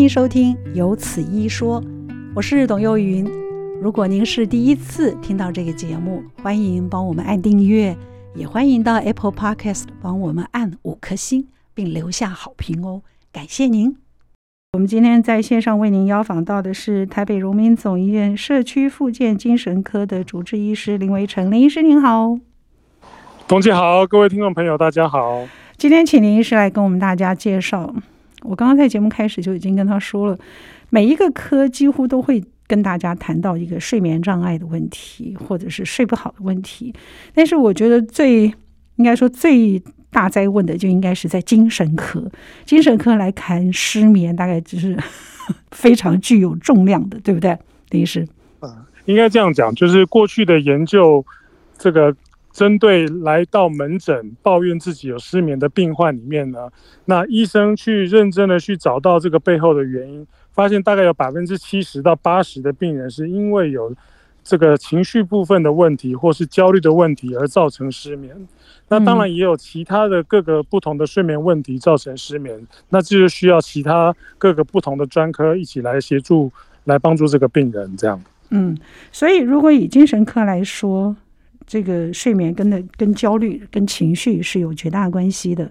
歡迎收聽《由此一說》，我是董幼雲。如果您是第一次聽到這個節目，歡迎幫我們按訂閱，也歡迎到 Apple Podcast 幫我們按五顆星並留下好評哦，感謝您。我們今天在線上為您邀訪到的是台北榮民總醫院社區復健精神科的主治醫師林韋丞，林醫師您好，董姐好，各位聽眾朋友大家好，今天請林醫師來跟我們大家介紹。我剛剛在節目開始就已經跟他說了，每一個科幾乎都會跟大家談到一個睡眠障礙的問題，或者是睡不好的問題。但是我覺得最應該說最大災問的，就應該是在精神科。精神科來看失眠，大概就是非常具有重量的，對不對？等於是，嗯，應該這樣講，就是過去的研究這個。針對來到門診抱怨自己有失眠的病患裡面呢，那醫生去認真的去找到這個背後的原因，發現大概有百分之七十到八十的病人是因為有這個情緒部分的問題或是焦慮的問題而造成失眠。那當然也有其他的各個不同的睡眠問題造成失眠，嗯、那這就需要其他各個不同的專科一起來協助來幫助這個病人這樣。嗯，所以如果以精神科來說。這個睡眠跟的跟焦慮跟情緒是有絕大關係的，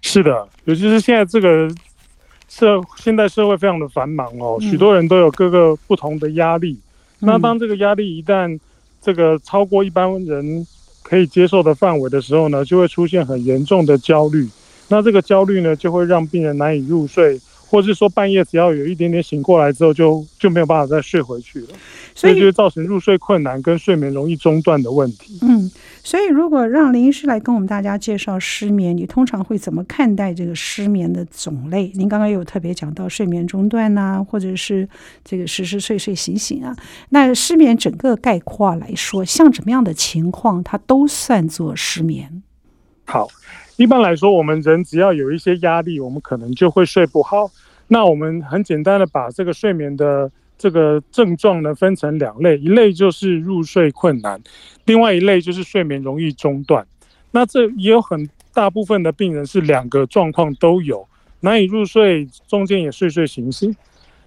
是的，尤其是現在這個社，現代社會非常的繁忙哦、嗯，許多人都有各個不同的壓力、嗯。那當這個壓力一旦這個超過一般人可以接受的範圍的時候呢，就會出現很嚴重的焦慮。那這個焦慮呢，就會讓病人難以入睡。或是說半夜只要有一點點醒過來之後就，就就沒有辦法再睡回去了，所以，所以就造成入睡困難跟睡眠容易中斷的問題。嗯，所以如果讓林醫師來跟我們大家介紹失眠，你通常會怎麼看待這個失眠的種類？您剛剛有特別講到睡眠中斷啊，或者是這個時時睡睡醒醒啊，那失眠整個概括來說，像什麼樣的情況，它都算作失眠？好，一般來說，我們人只要有一些壓力，我們可能就會睡不好。那我們很簡單的把這個睡眠的這個症狀呢分成兩類，一類就是入睡困難，另外一類就是睡眠容易中斷。那這也有很大部分的病人是兩個狀況都有，難以入睡，中間也睡睡醒醒。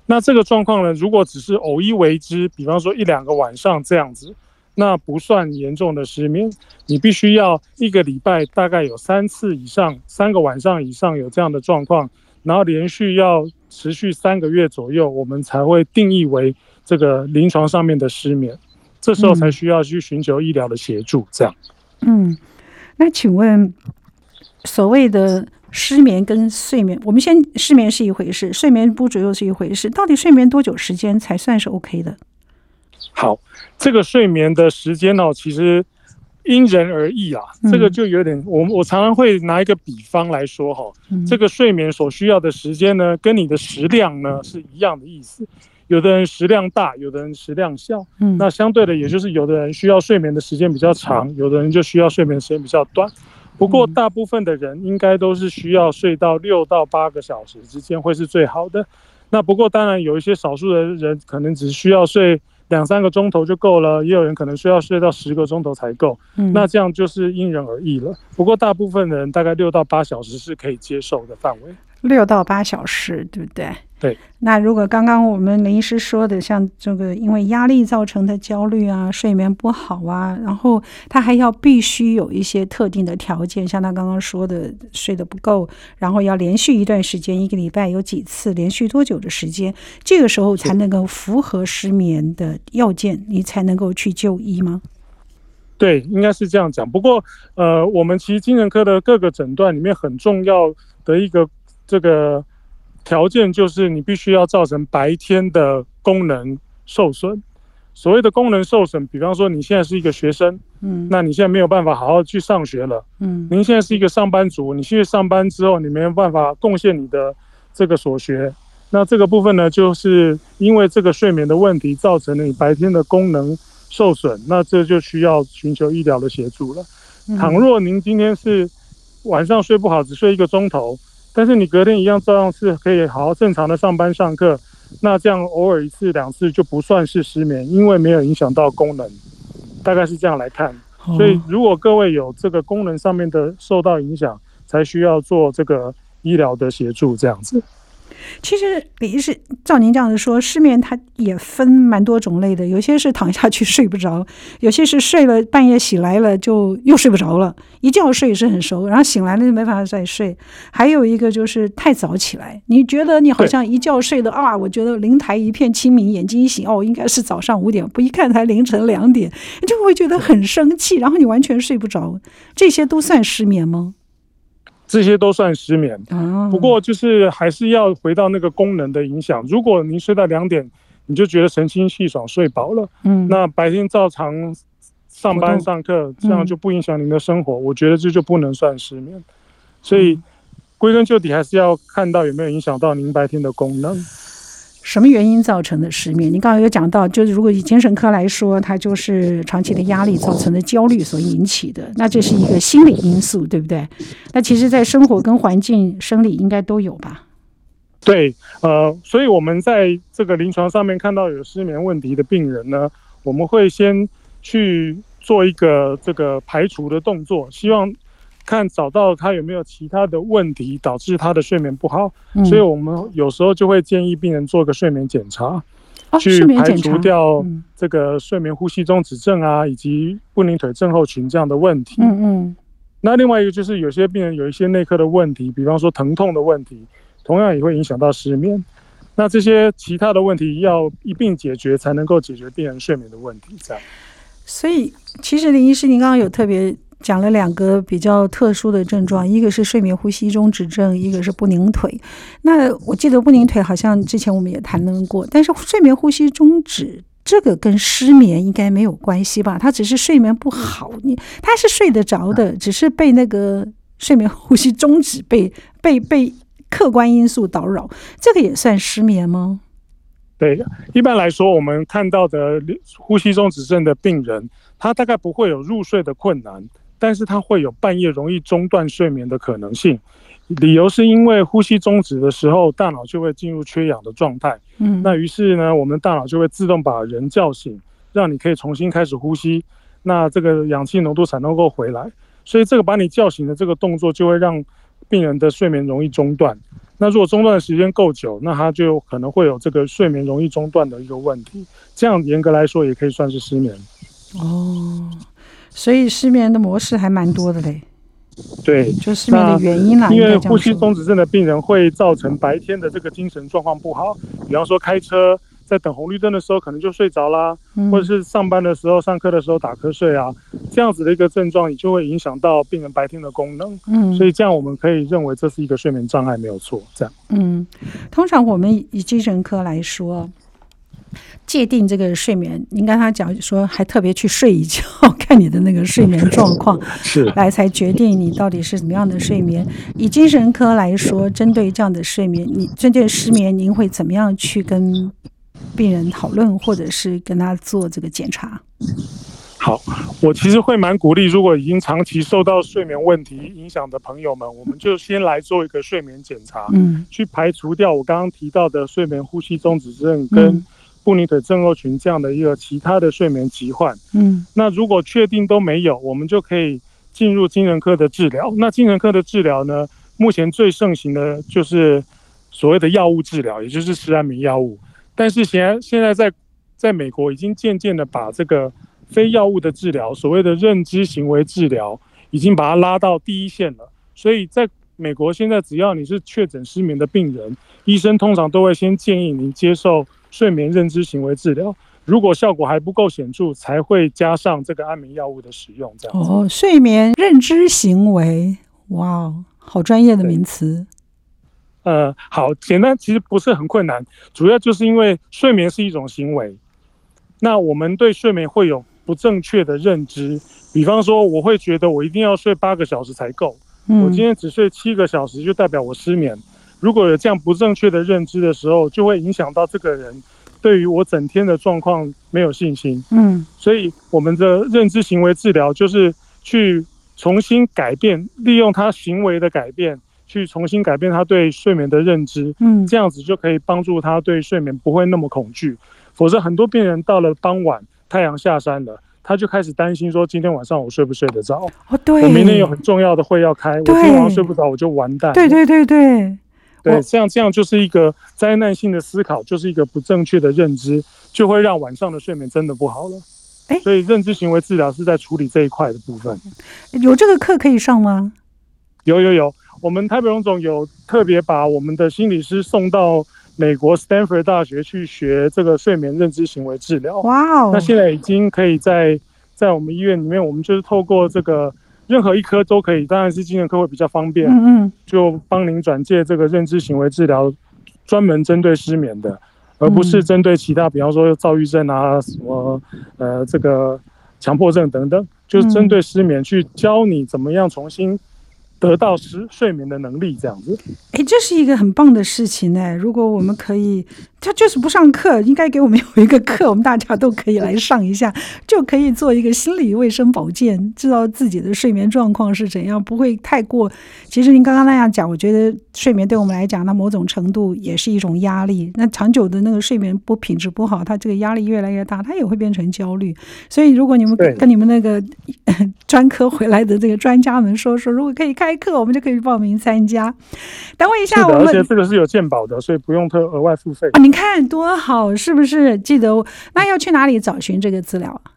那這個狀況呢，如果只是偶一為之，比方說一兩個晚上這樣子，那不算嚴重的失眠。你必須要一個禮拜大概有三次以上，三個晚上以上有這樣的狀況。然後連續要持續三個月左右，我們才會定義為這個臨床上面的失眠，這時候才需要去尋求醫療的協助。嗯、這樣，嗯，那請問，所謂的失眠跟睡眠，我們先失眠是一回事，睡眠不足又是一回事，到底睡眠多久時間才算是 OK 的？好，這個睡眠的時間呢、哦，其實。因人而異啊，這個就有點、嗯、我我常常會拿一個比方來說哈，這個睡眠所需要的時間呢，跟你的食量呢是一樣的意思。有的人食量大，有的人食量小，嗯、那相對的也就是有的人需要睡眠的時間比較長、嗯，有的人就需要睡眠時間比較短。不過大部分的人應該都是需要睡到六到八個小時之間會是最好的。那不過當然有一些少數的人可能只需要睡。兩三個鐘頭就夠了，也有人可能需要睡到十個鐘頭才夠。嗯。那這樣就是因人而異了。不過大部分的人大概六到八小時是可以接受的範圍。六到八小時，對不對？對。那如果剛剛我們林醫師說的，像這個因為壓力造成的焦慮啊，睡眠不好啊，然後他還要必須有一些特定的條件，像他剛剛說的，睡得不夠，然後要連續一段時間，一個禮拜有幾次，連續多久的時間，這個時候才能夠符合失眠的要件，你才能夠去就醫嗎？對，應該是這樣講。不過，呃，我們其實精神科的各個診斷裡面很重要的一個。這個條件就是你必須要造成白天的功能受損。所謂的功能受損，比方說你現在是一個學生，嗯，那你現在沒有辦法好好去上學了，嗯。您現在是一個上班族，你去上班之後你沒有辦法貢獻你的這個所學。那這個部分呢，就是因為這個睡眠的問題，造成了你白天的功能受損。那這就需要尋求醫療的協助了。倘若您今天是晚上睡不好，只睡一個鐘頭。但是你隔天一樣照樣是可以好好正常的上班上課，那這樣偶爾一次兩次就不算是失眠，因為沒有影響到功能，大概是這樣來看。嗯。所以如果各位有這個功能上面的受到影響，才需要做這個醫療的協助這樣子。其實等於是照您這樣子說，失眠它也分蠻多種類的。有些是躺下去睡不着，有些是睡了半夜醒來了就又睡不着了。一覺睡也是很熟，然後醒來了就沒法再睡。還有一個就是太早起來，你覺得你好像一覺睡得啊，我覺得靈台一片清明，眼睛一醒，哦，應該是早上五點，不一看才凌晨兩點，你就會覺得很生氣，然後你完全睡不着。這些都算失眠嗎？這些都算失眠，oh. 不過就是還是要回到那個功能的影響。如果您睡到兩點，你就覺得神清氣爽，睡飽了，嗯，那白天照常上班上課，oh. 這樣就不影響您的生活，嗯。我覺得這就不能算失眠。所以歸根究底，還是要看到有沒有影響到您白天的功能。什麼原因造成的失眠？你剛剛有講到，就是如果以精神科來說，它就是長期的壓力造成的焦慮所引起的，那這是一個心理因素，對不對？那其實，在生活跟環境生理應該都有吧？對，呃，所以我們在這個臨床上面看到有失眠問題的病人呢，我們會先去做一個這個排除的動作，希望。看找到他有沒有其他的問題，導致他的睡眠不好，嗯、所以我們有時候就會建議病人做個睡眠檢查，哦，去排除掉這個睡眠呼吸中止症啊，嗯、以及不寧腿症候群這樣的問題。嗯嗯。那另外一個就是有些病人有一些內科的問題，比方說疼痛的問題，同樣也會影響到失眠。那這些其他的問題要一併解決，才能夠解決病人睡眠的問題。這樣。所以其實林醫師，您剛剛有特別、嗯。講了兩個比較特殊的症狀，一個是睡眠呼吸中止症，一個是不寧腿。那我記得不寧腿好像之前我們也談論過，但是睡眠呼吸中止這個跟失眠應該沒有關係吧？他只是睡眠不好，你他是睡得着的，只是被那個睡眠呼吸中止被被被客觀因素打擾，這個也算失眠嗎？對，一般來說，我們看到的呼吸中止症的病人，他大概不會有入睡的困難。但是它會有半夜容易中斷睡眠的可能性，理由是因為呼吸中止的時候，大腦就會進入缺氧的狀態。嗯，那於是呢，我們的大腦就會自動把人叫醒，讓你可以重新開始呼吸，那這個氧氣濃度才能夠回來。所以這個把你叫醒的這個動作，就會讓病人的睡眠容易中斷。那如果中斷的時間夠久，那他就可能會有這個睡眠容易中斷的一個問題。這樣嚴格來說，也可以算是失眠。哦。所以失眠的模式還蠻多的嘞，對，就失眠的原因啦。因為呼吸中止症的病人會造成白天的這個精神狀況不好，比方說開車在等紅綠燈的時候可能就睡着啦、嗯，或者是上班的時候、上課的時候打瞌睡啊，這樣子的一個症狀，也就會影響到病人白天的功能。嗯，所以這樣我們可以認為這是一個睡眠障礙沒有錯。這樣，嗯，通常我們以精神科來說。界定這個睡眠，您跟他講說，還特別去睡一覺，看你的那個睡眠狀況， 是來才決定你到底是怎麼樣的睡眠。以精神科來說，針對這樣的睡眠，你針對失眠，您會怎麼樣去跟病人討論，或者是跟他做這個檢查？好，我其實會蠻鼓勵，如果已經長期受到睡眠問題影響的朋友們，我們就先來做一個睡眠檢查，嗯，去排除掉我剛剛提到的睡眠呼吸中止症跟、嗯。不寧腿症候群這樣的一個其他的睡眠疾患，嗯，那如果確定都沒有，我們就可以進入精神科的治療。那精神科的治療呢，目前最盛行的就是所謂的藥物治療，也就是失眠藥物。但是現在現在在在美國已經漸漸的把這個非藥物的治療，所謂的認知行為治療，已經把它拉到第一線了。所以在美國現在，只要你是確診失眠的病人，醫生通常都會先建議您接受。睡眠認知行為治療，如果效果還不夠顯著，才會加上這個安眠藥物的使用。這樣哦，睡眠認知行為，哇哦，好專業的名詞。呃，好簡單，其實不是很困難，主要就是因為睡眠是一種行為。那我們對睡眠會有不正確的認知，比方說，我會覺得我一定要睡八個小時才夠，嗯，我今天只睡七個小時，就代表我失眠。如果有這樣不正確的認知的時候，就會影響到這個人對於我整天的狀況沒有信心。嗯，所以我們的認知行為治療就是去重新改變，利用他行為的改變去重新改變他對睡眠的認知。嗯，這樣子就可以幫助他對睡眠不會那麼恐懼。嗯、否則，很多病人到了傍晚，太陽下山了，他就開始擔心說：“今天晚上我睡不睡得着？”哦，對。我明天有很重要的會要開，我今天晚上睡不着我就完蛋。對對對對。對對對，這樣這樣就是一個災難性的思考，就是一個不正確的認知，就會讓晚上的睡眠真的不好了。欸，所以認知行為治療是在處理這一塊的部分。欸，有這個課可以上嗎？有有有，我們台北榮總有特別把我們的心理師送到美國 Stanford 大學去學這個睡眠認知行為治療。哇哦，那現在已經可以在在我們醫院裡面，我們就是透過這個。任何一科都可以，當然是精神科會比較方便。嗯嗯，就幫您轉介這個認知行為治療，專門針對失眠的，而不是針對其他，嗯，比方說躁鬱症啊，什麼呃這個強迫症等等，就是針對失眠去教你怎麼樣重新。得到失睡眠的能力這樣子，哎、欸，這是一個很棒的事情呢、欸，如果我們可以，他、嗯、就是不上課，應該給我們有一個課，我們大家都可以來上一下， 就可以做一個心理衛生保健，知道自己的睡眠狀況是怎樣，不會太過。其實您剛剛那樣講，我覺得睡眠對我們來講，那某種程度也是一種壓力。那長久的那個睡眠不品質不好，它這個壓力越來越大，它也會變成焦慮。所以如果你們跟你們那個專 科回來的這個專家們說說，如果可以看。開課，我們就可以報名參加，等我一下。的我的，而且這個是有鑑寶的，所以不用特額外付費啊！你看多好，是不是？記得我那要去哪裡找尋這個資料啊？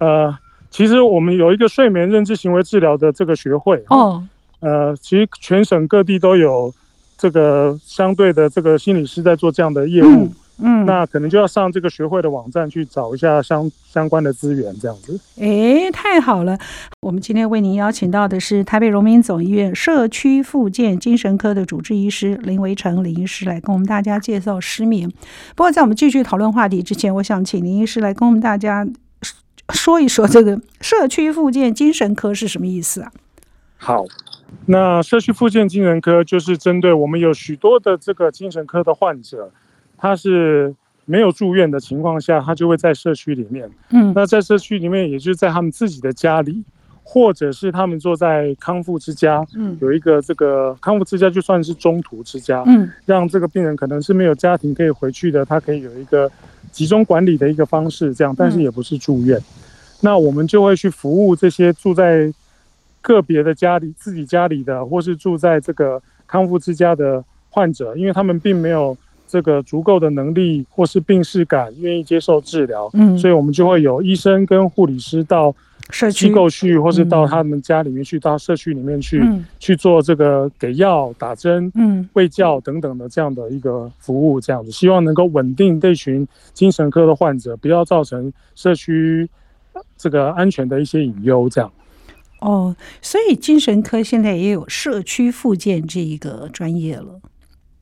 呃，其實我們有一個睡眠認知行為治療的這個學會哦。呃，其實全省各地都有這個相對的這個心理師在做這樣的業務。嗯嗯，那可能就要上這個學會的網站去找一下相相關的資源，這樣子。哎，太好了！我們今天為您邀請到的是台北榮民總醫院社區復健精神科的主治醫師林韋丞林醫師，來跟我們大家介紹失眠。不過，在我們繼續討論話題之前，我想請林醫師來跟我們大家說一說這個社區復健精神科是什麼意思啊？好，那社區復健精神科就是針對我們有許多的這個精神科的患者。他是沒有住院的情況下，他就會在社區裡面，嗯，那在社區裡面，也就是在他們自己的家裡，或者是他們坐在康復之家，嗯，有一個這個康復之家，就算是中途之家，嗯，讓這個病人可能是沒有家庭可以回去的，他可以有一個集中管理的一個方式，這樣，但是也不是住院，嗯。那我們就會去服務這些住在個別的家裡，自己家裡的，或是住在這個康復之家的患者，因為他們並沒有。這個足夠的能力，或是病識感，願意接受治療，嗯，所以我們就會有醫生跟護理師到社區機構去，或是到他們家裡面去，社嗯、到社區裡面去、嗯，去做這個給藥、打針、嗯、衛教等等的這樣的一個服務，這樣子，希望能夠穩定這群精神科的患者，不要造成社區這個安全的一些隱憂，這樣。哦，所以精神科現在也有社區復健這一個專業了。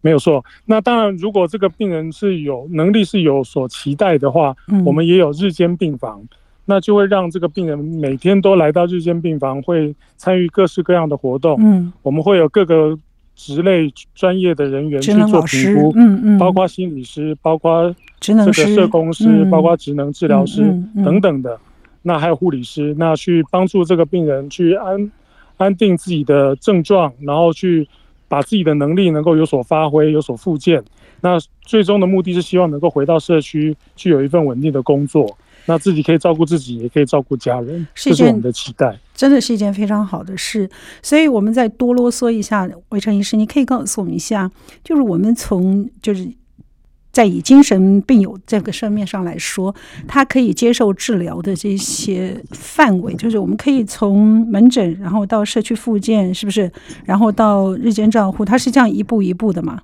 沒有錯。那當然，如果這個病人是有能力、是有所期待的話，嗯，我們也有日間病房，那就會讓這個病人每天都來到日間病房，會參與各式各樣的活動。嗯、我們會有各個職類專業的人員去做評估，包括心理師，嗯嗯、包括這個職能社工師，包括職能治療師、嗯、等等的。那還有護理師，那去幫助這個病人去安安定自己的症狀，然後去把自己的能力能夠有所發揮，有所復健，那最終的目的是希望能夠回到社區，去有一份穩定的工作，那自己可以照顧自己，也可以照顧家人，這是我們的期待。真的是一件非常好的事，所以我們再多囉嗦一下，韋丞醫師，你可以告訴我們一下，就是我們從就是。在以精神病友，這個層面上來說，他可以接受治療的這些範圍，就是我們可以從門診，然後到社區復健，是不是？然後到日間照護，它是這樣一步一步的嗎？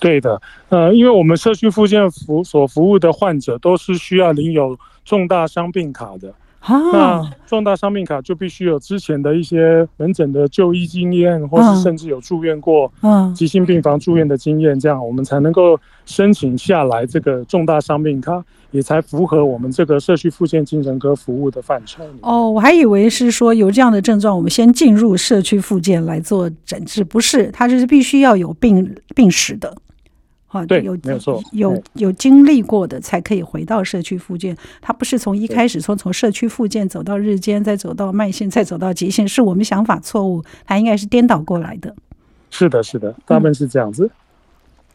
對的，呃，因為我們社區復健服所服務的患者，都是需要領有重大傷病卡的。啊，那重大傷病卡就必須有之前的一些門診的就醫經驗，或是甚至有住院過，嗯，急性病房住院的經驗，這樣我們才能夠申請下來這個重大傷病卡，也才符合我們這個社區復健精神科服務的範疇。哦，我還以為是說有這樣的症狀，我們先進入社區復健來做診治，不是，它是必須要有病病史的。啊、哦，對，有有有、嗯、有經歷過的才可以回到社區復健，他不是從一開始說從社區復健走到日間，再走到慢性，再走到急性，是我們想法錯誤，它應該是顛倒過來的。是的，是的，他們是這樣子，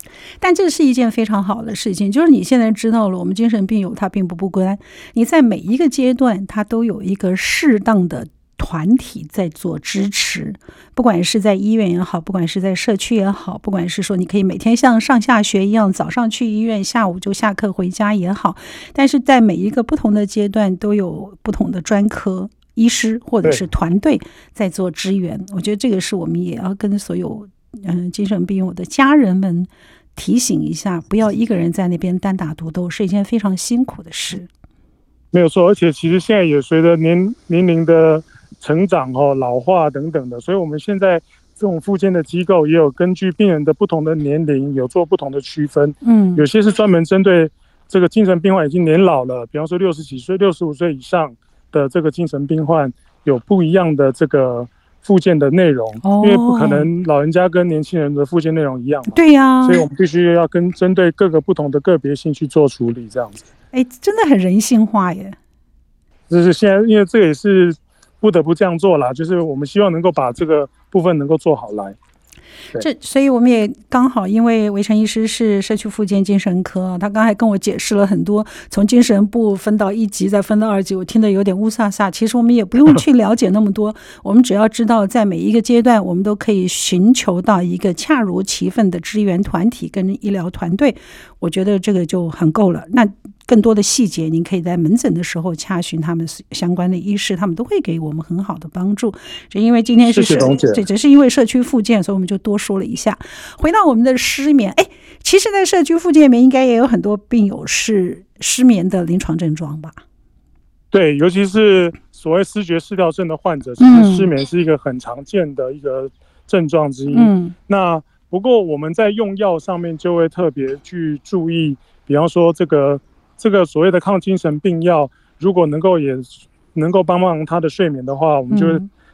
嗯。但這是一件非常好的事情，就是你現在知道了，我們精神病友他並不不孤單，你在每一個階段他都有一個適當的。團體在做支持，不管是在醫院也好，不管是在社區也好，不管是說你可以每天像上下學一樣，早上去醫院，下午就下課回家也好，但是在每一個不同的階段都有不同的專科醫師或者是團隊在做支援。我覺得這個是我們也要跟所有嗯精神病友的家人們提醒一下，不要一個人在那邊單打獨鬥，是一件非常辛苦的事。沒有錯，而且其實現在也隨着年年齡的。成長和老化等等的，所以我們現在這種復健的機構也有根據病人的不同的年齡有做不同的區分，嗯，有些是專門針對這個精神病患已經年老了，比方說六十幾歲、六十五歲以上的這個精神病患有不一樣的這個復健的內容、哦，因為不可能老人家跟年輕人的復健內容一樣，對呀、啊，所以我們必須要跟針對各個不同的個別性去做處理，這樣子，哎、欸，真的很人性化耶，就是現在，因為這也是。不得不這樣做了，就是我們希望能夠把這個部分能夠做好來。這所以我們也剛好，因為韋丞醫師是社區附件精神科，他剛才跟我解釋了很多，從精神部分到一級，再分到二級，我聽得有點霧煞煞。其實我們也不用去了解那麼多， 我們只要知道，在每一個階段，我們都可以尋求到一個恰如其分的支援團體跟醫療團隊，我覺得這個就很夠了。那。更多的細節，您可以在門診的時候洽詢他們相關的醫師，他們都會給我們很好的幫助。就因為今天是社這只是因為社區復健，所以我們就多說了一下。回到我們的失眠，哎、欸，其實，在社區復健裡面，應該也有很多病友是失眠的臨床症狀吧？對，尤其是所謂思覺失調症的患者，其實失眠是一個很常見的一個症狀之一。嗯，那不過我們在用藥上面就會特別去注意，比方說這個。這個所謂的抗精神病藥，如果能夠也能夠幫忙他的睡眠的話，我們就會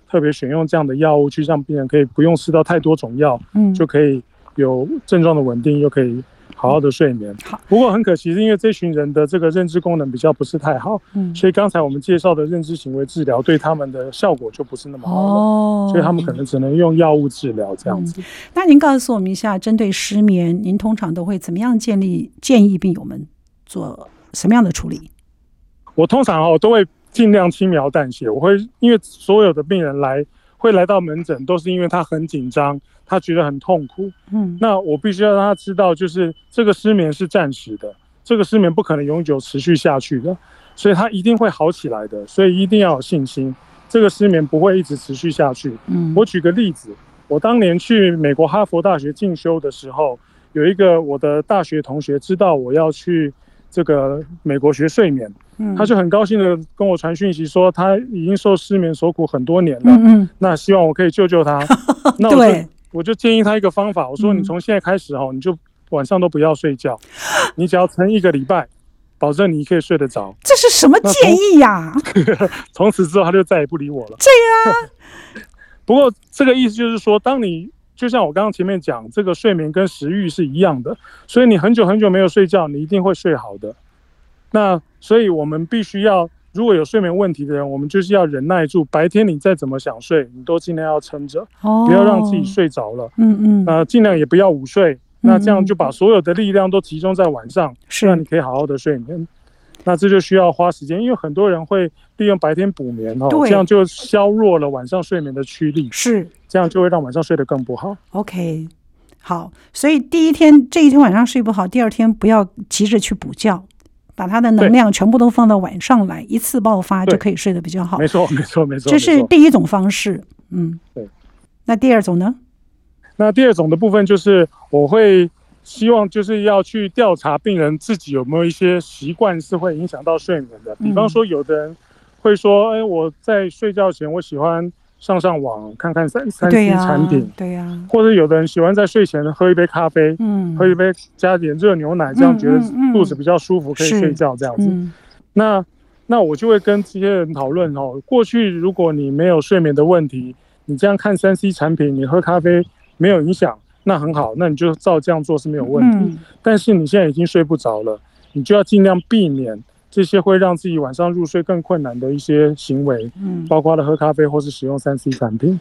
特別選用這樣的藥物，嗯，去讓病人可以不用吃到太多種藥，嗯，就可以有症狀的穩定，又可以好好的睡眠。嗯，不過很可惜是，因為這群人的這個認知功能比較不是太好，嗯，所以剛才我們介紹的認知行為治療對他們的效果就不是那麼好，哦，所以他們可能只能用藥物治療這樣子，嗯。那您告訴我們一下，針對失眠，您通常都會怎麼樣建立建議病友們做？什麼樣的處理？我通常哦都會儘量輕描淡寫。我會，因為所有的病人來會來到門診，都是因為他很緊張，他覺得很痛苦。嗯，那我必須要讓他知道，就是這個失眠是暫時的，這個失眠不可能永久持續下去的，所以他一定會好起來的。所以一定要有信心，這個失眠不會一直持續下去。嗯，我舉個例子，我當年去美國哈佛大學進修的時候，有一個我的大學同學知道我要去。這個美國學睡眠，嗯、他就很高興的跟我傳訊息說，他已經受失眠所苦很多年了，嗯嗯，那希望我可以救救他。 那我就 對我就建議他一個方法，我說你從現在開始哈、嗯，你就晚上都不要睡覺，你只要撐一個禮拜， 保證你可以睡得着。這是什麼建議呀、啊？從， 從此之後他就再也不理我了。對呀， 不過這個意思就是說，當你。就像我剛剛前面講，這個睡眠跟食欲是一樣的，所以你很久很久沒有睡覺，你一定會睡好的。那所以，我們必須要，如果有睡眠問題的人，我們就是要忍耐住，白天你再怎麼想睡，你都盡量要撐着，oh, 不要讓自己睡着了。嗯嗯。那、呃、盡量也不要午睡，嗯嗯，那這樣就把所有的力量都集中在晚上，是、嗯、讓你可以好好的睡眠。那這就需要花時間，因為很多人會利用白天補眠哦，這樣就削弱了晚上睡眠的驅力。是。這樣就會讓晚上睡得更不好。OK，好，所以第一天這一天晚上睡不好，第二天不要急着去補覺，把它的能量全部都放到晚上來，一次爆發就可以睡得比較好。沒錯，沒錯，沒錯。這是第一種方式。嗯，對。那第二種呢？那第二種的部分就是，我會希望就是要去調查病人自己有沒有一些習慣是會影響到睡眠的，嗯、比方說，有的人會說：“哎，我在睡覺前我喜歡。”上上網看看三三 C 產品，對呀、啊啊，或者有的人喜歡在睡前喝一杯咖啡，嗯、喝一杯加點熱牛奶、嗯，這樣覺得肚子比較舒服，嗯、可以睡覺這樣子。嗯、那那我就會跟這些人討論哦，過去如果你沒有睡眠的問題，你這樣看三 C 產品，你喝咖啡沒有影響，那很好，那你就照這樣做是沒有問題。嗯、但是你現在已經睡不着了，你就要盡量避免。這些會讓自己晚上入睡更困難的一些行為，嗯，包括了喝咖啡或是使用三 C 產品，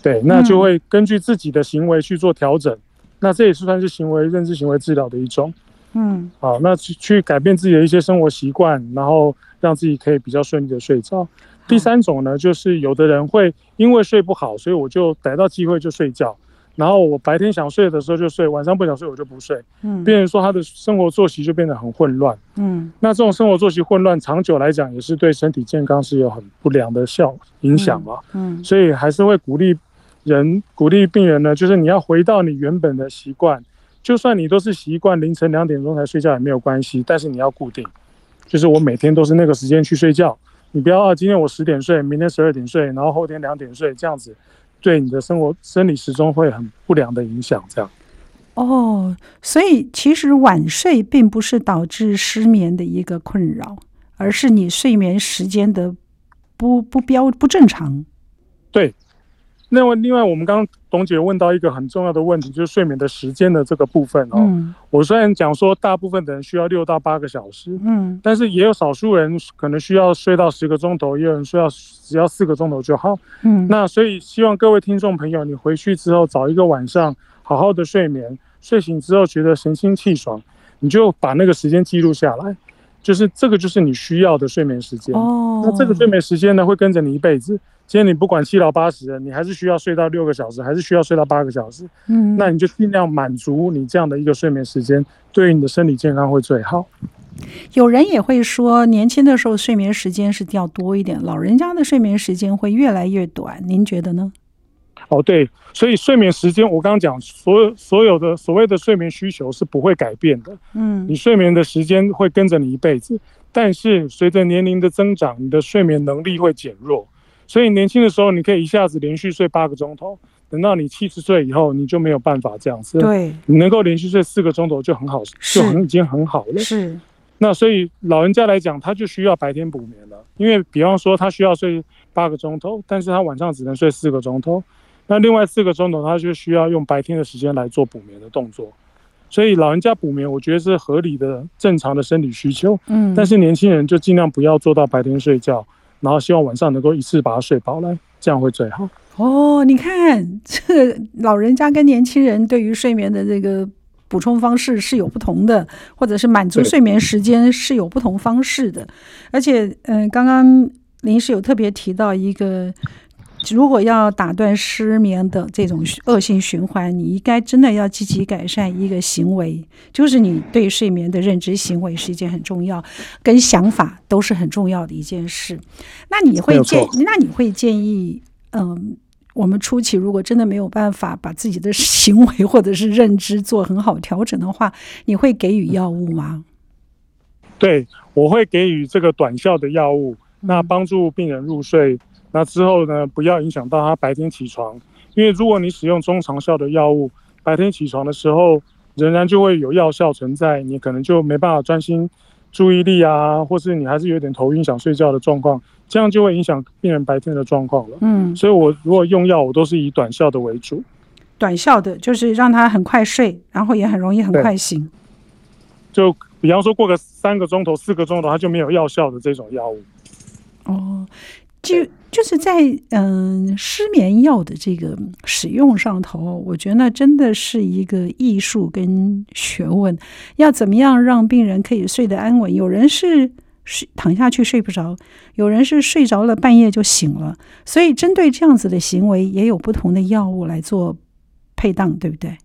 對，那就會根據自己的行為去做調整，嗯，那這也是算是行為認知行為治療的一種，嗯，好，那去去改變自己的一些生活習慣，然後讓自己可以比較順利的睡着。第三種呢，就是有的人會因為睡不好，所以我就逮到機會就睡覺。然後我白天想睡的時候就睡，晚上不想睡我就不睡。嗯，病人說他的生活作息就變得很混亂。嗯，那這種生活作息混亂，長久來講也是對身體健康是有很不良的效影響嘛，嗯。嗯，所以還是會鼓勵人鼓勵病人呢，就是你要回到你原本的習慣，就算你都是習慣凌晨兩點鐘才睡覺也沒有關係，但是你要固定，就是我每天都是那個時間去睡覺。你不要啊，今天我十點睡，明天十二點睡，然後後天兩點睡，這樣子。對你的生活生理時鐘會很不良的影響，這樣。哦，所以其實晚睡並不是導致失眠的一個困擾，而是你睡眠時間的不不標不正常。對。那另外，另外，我們剛剛董姐問到一個很重要的問題，就是睡眠的時間的這個部分哦。嗯，我雖然講說大部分的人需要六到八個小時，嗯，但是也有少數人可能需要睡到十個鐘頭，也有人需要只要四個鐘頭就好。嗯，那所以希望各位聽眾朋友，你回去之後找一個晚上好好的睡眠，睡醒之後覺得神清氣爽，你就把那個時間記錄下來。就是這個，就是你需要的睡眠時間。哦、oh.，那這個睡眠時間呢，會跟着你一輩子。今天你不管七老八十的，你還是需要睡到六個小時，還是需要睡到八個小時。嗯、mm.，那你就盡量滿足你這樣的一個睡眠時間，對於你的身體健康會最好。有人也會說，年輕的時候睡眠時間是要多一點，老人家的睡眠時間會越來越短。您覺得呢？哦，對，所以睡眠時間，我剛剛講，所有所有的所謂的睡眠需求是不會改變的。嗯，你睡眠的時間會跟着你一輩子，但是隨着年齡的增長，你的睡眠能力會減弱。所以年輕的時候，你可以一下子連續睡八個鐘頭，等到你七十歲以後，你就沒有辦法這樣子。對，你能夠連續睡四個鐘頭就很好，就很已經很好了。是。那所以老人家來講，他就需要白天補眠了，因為比方說他需要睡八個鐘頭，但是他晚上只能睡四個鐘頭。那另外四個鐘頭，他就需要用白天的時間來做補眠的動作，所以老人家補眠，我覺得是合理的、正常的生理需求。嗯，但是年輕人就儘量不要做到白天睡覺，然後希望晚上能夠一次把它睡飽來，這樣會最好哦。哦，你看，這老人家跟年輕人對於睡眠的這個補充方式是有不同的，或者是滿足睡眠時間是有不同方式的。而且，嗯、呃，剛剛林醫師有特別提到一個。如果要打斷失眠的這種惡性循環，你應該真的要積極改善一個行為，就是你對睡眠的認知行為是一件很重要，跟想法都是很重要的一件事。那你會建，那你會建議嗯，我們初期如果真的沒有辦法把自己的行為或者是認知做很好調整的話，你會給予藥物嗎？對，我會給予這個短效的藥物，那幫助病人入睡。嗯那之後呢？不要影響到他白天起床，因為如果你使用中長效的藥物，白天起床的時候仍然就會有藥效存在，你可能就沒辦法專心注意力啊，或是你還是有點頭暈想睡覺的狀況，這樣就會影響病人白天的狀況了。嗯，所以我如果用藥，我都是以短效的為主。短效的，就是讓他很快睡，然後也很容易很快醒。就比方說過個三個鐘頭、四個鐘頭，他就沒有藥效的這種藥物。哦。就就是在嗯、呃，失眠藥的這個使用上頭，我覺得那真的是一個藝術跟學問。要怎麼樣讓病人可以睡得安穩？有人是睡躺下去睡不着，有人是睡着了半夜就醒了。所以針對這樣子的行為，也有不同的藥物來做配當，對不對？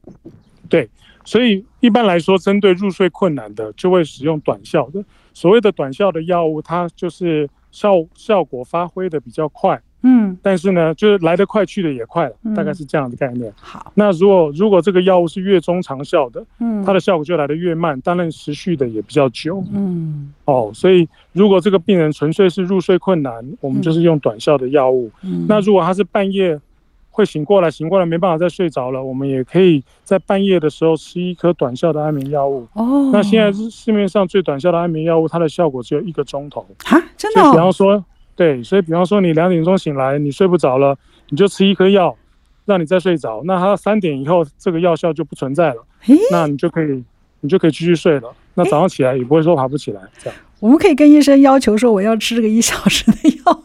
對，所以一般來說，針對入睡困難的，就會使用短效的。所謂的短效的藥物，它就是。效效果發揮的比較快，嗯，但是呢，就是來得快去的也快了，嗯，大概是這樣的概念。好，那如果如果這個藥物是越中長效的，嗯，它的效果就來得越慢，當然持續的也比較久，嗯，哦，所以如果這個病人純粹是入睡困難，我們就是用短效的藥物，嗯。那如果他是半夜。會醒過來，醒過來，沒辦法再睡着了。我們也可以在半夜的時候吃一顆短效的安眠藥物。哦、oh.，那現在市面上最短效的安眠藥物，它的效果只有一個鐘頭啊？真的、哦？就比方說，對，所以比方說你兩點鐘醒來，你睡不着了，你就吃一顆藥，讓你再睡着。那它三點以後這個藥效就不存在了、欸，那你就可以，你就可以繼續睡了。那早上起來也不會說爬不起來、欸、這樣。我們可以跟醫生要求說，我要吃這個一小時的藥。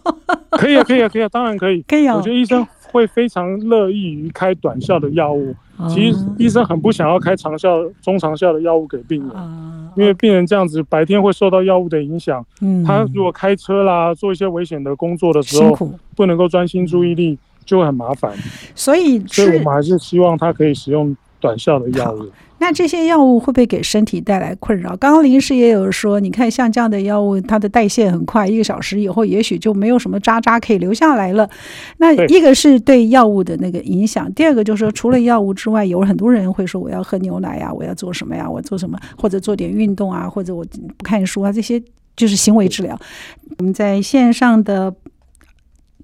可以啊，可以啊，可以啊，當然可以。可以啊。我覺得醫生會非常樂意於開短效的藥物。嗯、其實、嗯、醫生很不想要開長效、嗯、中長效的藥物給病人，嗯、因為病人這樣子、嗯、白天會受到藥物的影響、嗯。他如果開車啦，做一些危險的工作的時候，不能夠專心注意力，就會很麻煩。所以，所以我們還是希望他可以使用短效的藥物。那這些藥物會不會給身體帶來困擾？剛剛林醫師也有說，你看像這樣的藥物，它的代謝很快，一個小時以後也許就沒有什麼渣渣可以留下來了。那一個是對藥物的那個影響，第二個就是說，除了藥物之外，有很多人會說我要喝牛奶呀、啊，我要做什麼呀、啊？我做什麼或者做點運動啊，或者我不看書啊，這些就是行為治療。我們在線上的。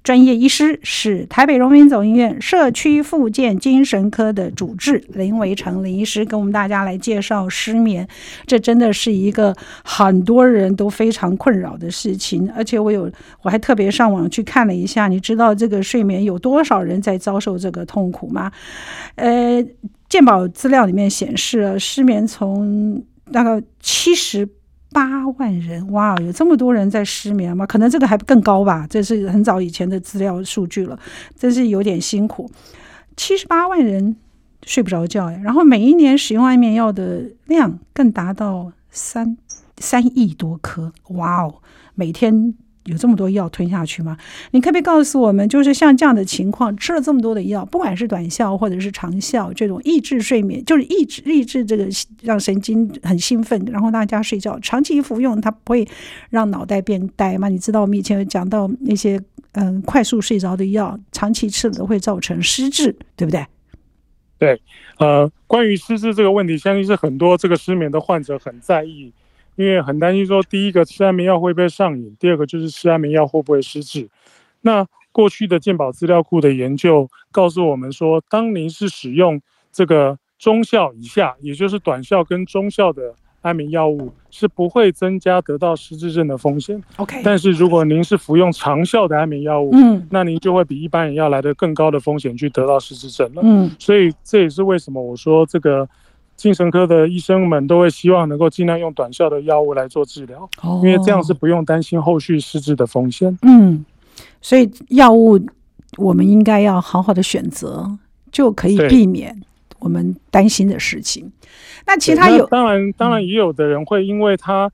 專業醫師是台北榮民總醫院社區復健精神科的主治林韋丞林醫師，跟我們大家來介紹失眠。這真的是一個很多人都非常困擾的事情，而且我有我還特別上網去看了一下，你知道這個睡眠有多少人在遭受這個痛苦嗎？呃，健保資料裡面顯示，失眠從大概七十。八萬人哇，有這麼多人在失眠嗎？可能這個還更高吧，這是很早以前的資料數據了，真是有點辛苦。七十八萬人睡不着覺哎，然後每一年使用安眠藥的量更達到三三億多顆哇哦，每天，有這麼多藥吞下去嗎？你可不可以告訴我們，就是像這樣的情況，吃了這麼多的藥，不管是短效或者是長效，這種抑制睡眠，就是抑制抑制這個讓神經很興奮，然後大家睡覺，長期服用它不會讓腦袋變呆嗎？你知道我們以前講到那些嗯快速睡着的藥，長期吃了會造成失智，對不對？對，呃，關於失智這個問題，相信是很多這個失眠的患者很在意。因為很擔心，說第一個吃安眠藥會不會上癮，第二個就是吃安眠藥會不會失智。那過去的健保資料庫的研究告訴我們說，當您是使用這個中效以下，也就是短效跟中效的安眠藥物，是不會增加得到失智症的風險。OK。但是如果您是服用長效的安眠藥物，嗯，那您就會比一般人要來得更高的風險去得到失智症了。嗯，所以這也是為什麼我說這個。精神科的醫生們都會希望能夠盡量用短效的藥物來做治療，哦，因為這樣是不用擔心後續失智的風險。嗯，所以藥物我們應該要好好的選擇，就可以避免我們擔心的事情。那其他有當然當然也有的人會因為他。嗯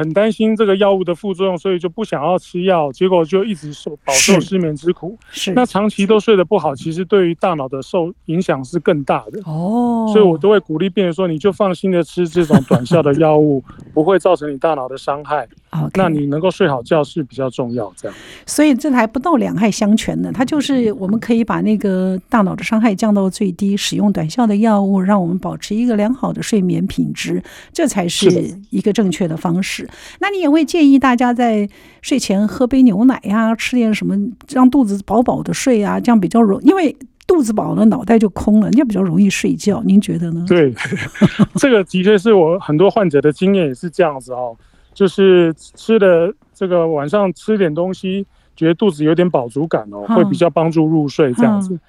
很擔心這個藥物的副作用，所以就不想要吃藥，結果就一直受飽受失眠之苦。是，那長期都睡得不好，其實對於大腦的受影響是更大的。哦，所以我都會鼓勵病人說，你就放心的吃這種短效的藥物， 不會造成你大腦的傷害。好、okay.，那你能夠睡好覺是比較重要，這樣。所以這還不到兩害相權呢，它就是我們可以把那個大腦的傷害降到最低，使用短效的藥物，讓我們保持一個良好的睡眠品質，這才是一個正確的方式。那你也會建議大家在睡前喝杯牛奶呀、啊，吃點什麼，讓肚子飽飽的睡啊，這樣比較容易，因為肚子飽了，腦袋就空了，你也比較容易睡覺。您覺得呢？對，呵呵 這個的確是我很多患者的經驗也是這樣子哦。就是吃的這個晚上吃點東西，覺得肚子有點飽足感哦，嗯、會比較幫助入睡這樣子。嗯、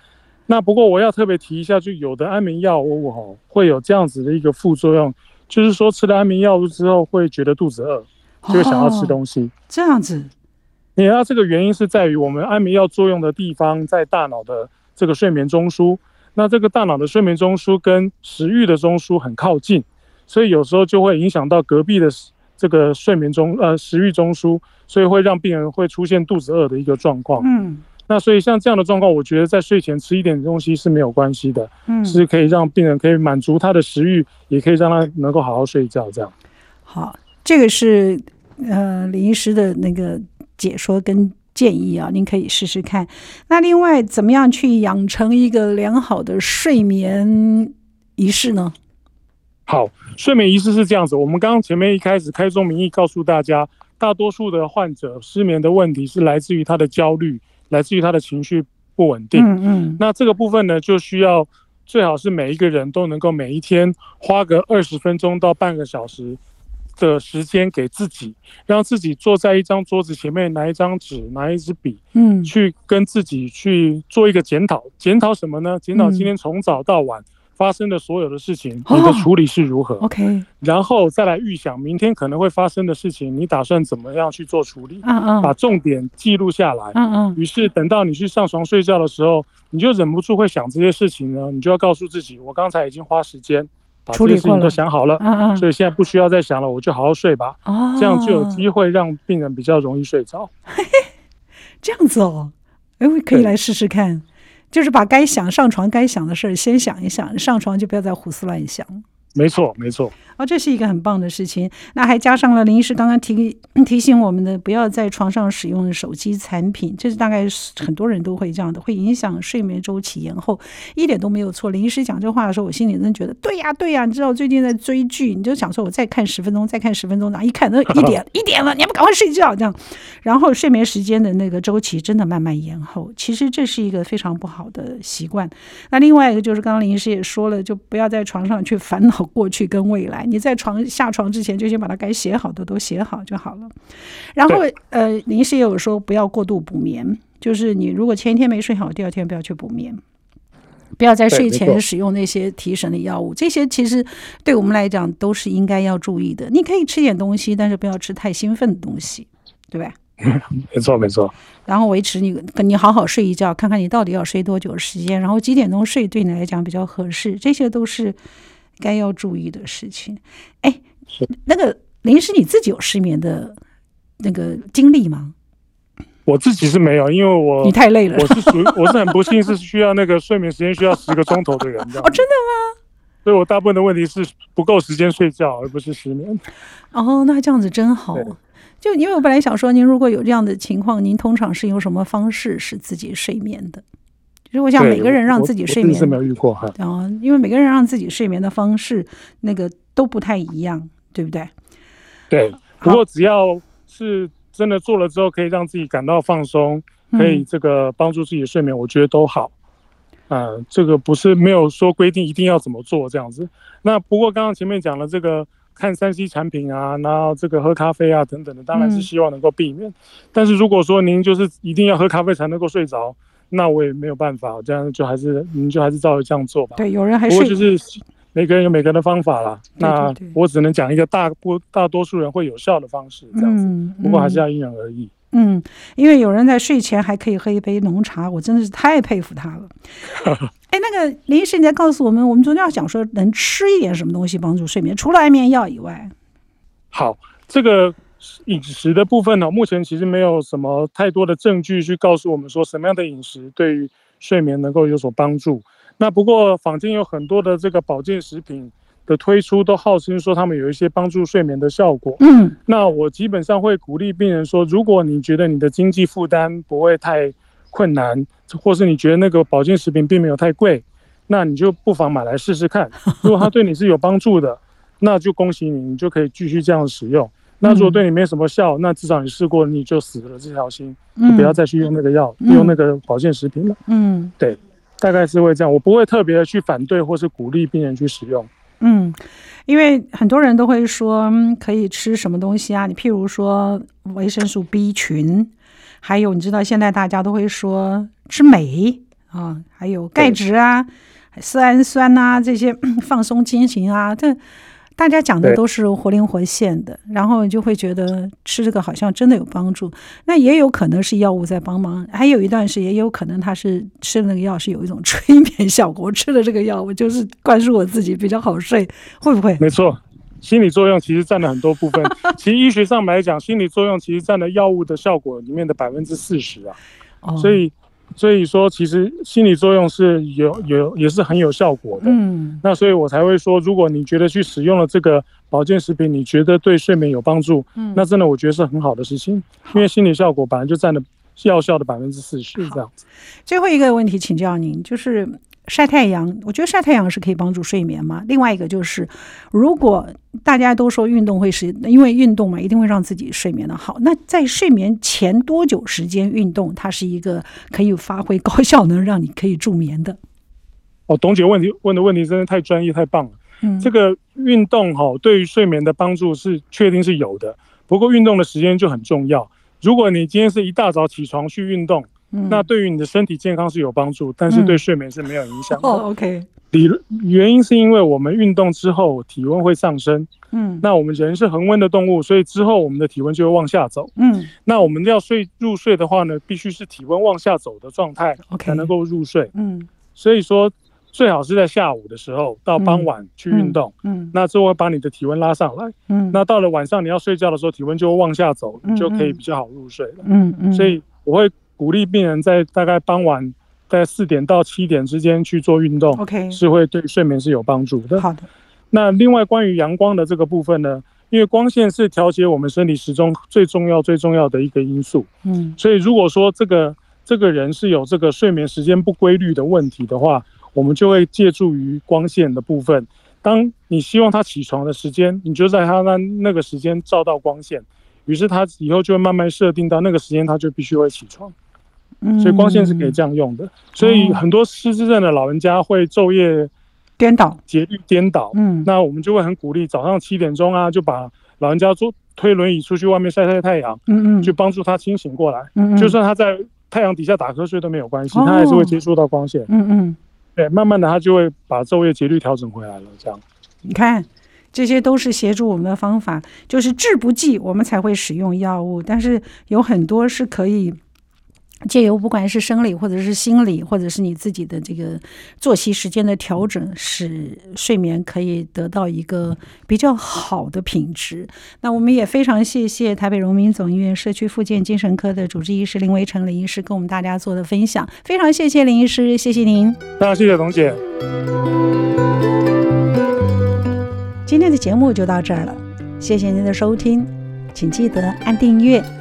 那不過我要特別提一下，就有的安眠藥物哦，會有這樣子的一個副作用，就是說吃了安眠藥物之後會覺得肚子餓，就會想要吃東西。哦、這樣子，你要這個原因是在於我們安眠藥作用的地方在大腦的這個睡眠中樞，那這個大腦的睡眠中樞跟食慾的中樞很靠近，所以有時候就會影響到隔壁的。這個睡眠中，呃，食慾中樞，所以會讓病人會出現肚子餓的一個狀況。嗯，那所以像這樣的狀況，我覺得在睡前吃一點東西是沒有關係的，嗯，是可以讓病人可以滿足他的食慾，也可以讓他能夠好好睡覺。這樣，好，這個是呃林醫師的那個解說跟建議啊，您可以試試看。那另外，怎麼樣去養成一個良好的睡眠儀式呢？好，睡眠儀式是這樣子。我們剛剛前面一開始開宗明義告訴大家，大多數的患者失眠的問題是來自於他的焦慮，來自於他的情緒不穩定。嗯，嗯。那這個部分呢，就需要最好是每一個人都能夠每一天花個二十分鐘到半個小時的時間給自己，讓自己坐在一張桌子前面，拿一張紙，拿一支筆，嗯，去跟自己去做一個檢討。檢討什麼呢？檢討今天從早到晚。嗯發生的所有的事情，你的處理是如何？Oh,OK，然後再來預想明天可能會發生的事情，你打算怎麼樣去做處理？Uh -uh. 把重點記錄下來。Uh -uh. 於是等到你去上床睡覺的時候，你就忍不住會想這些事情呢。你就要告訴自己，我剛才已經花時間把這些事情都想好了，了 uh -uh. 所以現在不需要再想了，我就好好睡吧。Uh -uh. 這樣就有機會讓病人比較容易睡着。 這樣子哦，哎、欸，我可以來試試看。就是把該想上床該想的事兒先想一想，上床就不要再胡思亂想。沒錯，沒錯。哦，這是一個很棒的事情。那還加上了林醫師剛剛提、呃、提醒我們的，不要在床上使用手機產品，這，就是大概很多人都會這樣的，會影響睡眠周期延後，一點都沒有錯。林醫師講這話的時候，我心裡真覺得對呀，對呀。你知道我最近在追劇，你就想說我再看十分鐘，再看十分鐘，然後一看都，呃、一點一點了，你還不趕快睡覺這樣，然後睡眠時間的那個周期真的慢慢延後。其實這是一個非常不好的習慣。那另外一個就是剛剛林醫師也說了，就不要在床上去煩惱。過去跟未來，你在床下床之前就先把它該寫好的都寫好就好了。然後，呃，臨時也有說不要過度補眠，就是你如果前一天沒睡好，第二天不要去補眠，不要在睡前使用那些提神的藥物。這些其實對我們來講都是應該要注意的。你可以吃點東西，但是不要吃太興奮的東西，對吧？沒錯，沒錯。然後維持你跟你好好睡一覺，看看你到底要睡多久的時間，然後幾點鐘睡對你來講比較合適，這些都是該要注意的事情，哎，是那個林醫師，你自己有失眠的那個經歷嗎？我自己是沒有，因為我你太累了，我是屬於我是很不幸，是需要那個睡眠時間需要十個鐘頭的人。 哦，真的嗎？所以，我大部分的問題是不夠時間睡覺，而不是失眠。哦，oh，那這樣子真好啊。就因為我本來想說，您如果有這樣的情況，您通常是用什麼方式使自己睡眠的？如果像每個人讓自己睡眠，是沒有遇過哈。啊，因為每個人讓自己睡眠的方式，那個都不太一樣，對不對？對。不過只要是真的做了之後，可以讓自己感到放鬆，可以這個幫助自己的睡眠，我覺得都好。啊、嗯呃，這個不是沒有說規定一定要怎麼做這樣子。那不過剛剛前面講了這個看三 C 產品啊，然後這個喝咖啡啊等等的，當然是希望能夠避免、嗯。但是如果說您就是一定要喝咖啡才能夠睡着。那我也沒有辦法，這樣就還是，你們就還是照着這樣做吧。對，有人還是，我只是每個人有每個人的方法啦。對對對，那我只能講一個大，大多數人會有效的方式，這樣子，嗯。不過還是要因人而異。嗯，因為有人在睡前還可以喝一杯濃茶，我真的是太佩服他了。哎， 那個林醫生，你在告訴我們，我們昨天要講說能吃一點什麼東西幫助睡眠，除了安眠藥以外，好，這個。飲食的部分呢、哦，目前其實沒有什麼太多的證據去告訴我們說什麼樣的飲食對於睡眠能夠有所幫助。那不過坊間有很多的這個保健食品的推出，都號稱說他們有一些幫助睡眠的效果。嗯、那我基本上會鼓勵病人說，如果你覺得你的經濟負擔不會太困難，或是你覺得那個保健食品並沒有太貴，那你就不妨買來試試看。如果它對你是有幫助的，那就恭喜你，你就可以繼續這樣使用。那如果對你沒什麼效，那至少你試過，你就死了這條心、嗯，你不要再去用那個藥、嗯，用那個保健食品了。嗯，對，大概是會這樣。我不會特別的去反對或是鼓勵病人去使用。嗯，因為很多人都會說可以吃什麼東西啊？你譬如說維生素 B 群，還有你知道現在大家都會說吃鎂啊，還有鈣質啊，色氨酸啊這些放鬆心情啊，這。 大家講的都是活靈活現的，然後你就會覺得吃這個好像真的有幫助。那也有可能是藥物在幫忙，還有一段時間也有可能他是吃了那個藥是有一種催眠效果。我吃了這個藥，我就是灌輸我自己比較好睡，會不會？沒錯，心理作用其實佔了很多部分。 其實醫學上來講，心理作用其實佔了藥物的效果裡面的百分之四十啊。哦，所以。所以說，其實心理作用是有有也是很有效果的。嗯，那所以我才會說，如果你覺得去使用了這個保健食品，你覺得對睡眠有幫助，嗯，那真的我覺得是很好的事情，嗯、因為心理效果本來就占了藥效的百分之四十是這樣。最後一個問題，請教您就是。曬太陽，我覺得曬太陽是可以幫助睡眠嘛。另外一個就是，如果大家都說運動會是因為運動嘛，一定會讓自己睡眠的好。那在睡眠前多久時間運動，它是一個可以發揮高效能讓你可以助眠的。哦，董姐，問題問的問題真的太專業，太棒了。嗯，這個運動吼，對於睡眠的幫助是確定是有的。不過運動的時間就很重要。如果你今天是一大早起床去運動。那對於你的身體健康是有幫助，但是對睡眠是沒有影響的。嗯、哦，OK。理論，原因是因為我們運動之後體溫會上升，嗯，那我們人是恆溫的動物，所以之後我們的體溫就會往下走，嗯。那我們要睡入睡的話呢，必須是體溫往下走的狀態才能夠入睡，okay, 嗯。所以說最好是在下午的時候到傍晚去運動，嗯。嗯嗯，那之後會把你的體溫拉上來，嗯。那到了晚上你要睡覺的時候，體溫就會往下走，你就可以比較好入睡了，嗯嗯。所以我會。鼓勵病人在大概傍晚在四點到七點之間去做運動，OK，是會對睡眠是有幫助的。好的。那另外關於陽光的這個部分呢？因為光線是調節我們生理時鐘最重要最重要的一個因素。嗯，所以如果說這個這個人是有這個睡眠時間不規律的問題的話，我們就會借助於光線的部分。當你希望他起床的時間，你就在他那那個時間照到光線，於是他以後就會慢慢設定到那個時間，他就必須會起床。所以光線是可以這樣用的，所以很多失智症的老人家會晝夜顛倒、嗯，節律顛倒。嗯，那我們就會很鼓勵早上七點鐘啊，就把老人家坐推輪椅出去外面曬曬太陽。嗯嗯，就幫助他清醒過來、嗯嗯嗯。就算他在太陽底下打瞌睡都沒有關係，他還是會接觸到光線、哦。嗯嗯，對，慢慢的他就會把晝夜節律調整回來了。這樣，你看，這些都是協助我們的方法，就是治不濟，我們才會使用藥物，但是有很多是可以。借由不管是生理或者是心理，或者是你自己的這個作息時間的調整，使睡眠可以得到一個比較好的品質。那我們也非常謝謝台北榮民總醫院社區復健精神科的主治醫師林韋丞林醫師，跟我們大家做的分享，非常謝謝林醫師，謝謝您。大家謝謝董姐。今天的節目就到這兒了，謝謝您的收聽，請記得按訂閱。